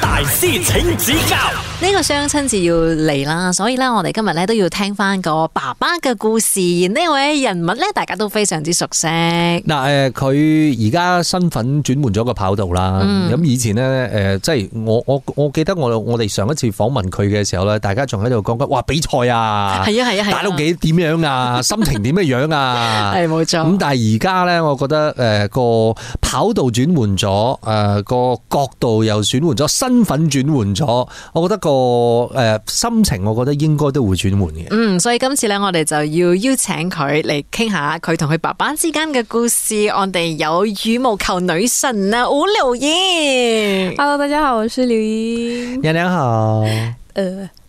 大師請指教，呢個雙親節要嚟啦，所以呢，我哋今日咧都要聽翻個爸爸嘅故事。呢位人物咧，大家都非常之熟悉。嗱，誒，佢而家身份轉換咗個跑道啦。咁以前呢，誒，即係我我我記得我我哋上一次訪問佢嘅時候咧，大家仲喺度講緊，哇，比賽啊，係啊係啊，係啊，打到幾點樣啊，心情點嘅樣啊，係冇錯。咁但係而家咧，我覺得誒個跑道轉換咗。誒、呃，個角度又轉換咗，身份轉換咗，我覺得個誒、呃、心情，我覺得應該都會轉換嘅。嗯，所以今次呢，我哋就要邀請佢嚟傾下佢同佢爸爸之間嘅故事。我哋有羽毛球女神啊，吳柳瑩。Hello，大家好，我是柳瑩。娘娘好。呃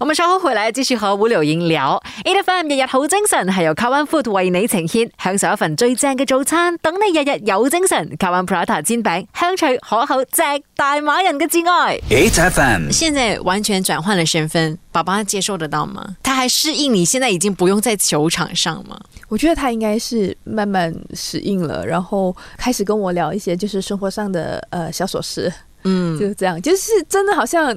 我們稍後回來，繼續和吳柳瑩聊。8 F M 日日好精神，係由 Kawan Food 為你呈現，享受一份最正嘅早餐，等你日日有精神。Kawan Prata 煎餅，香脆可口，正大馬人嘅摯愛。8 F M，現在完全轉換了身份，爸爸接受得到嗎？他還適應你現在已經不用在球場上嗎？我覺得他應該是慢慢適應了，然後開始跟我聊一些，就是生活上的，呃，小瑣事。嗯，就是這樣，就是真的，好像。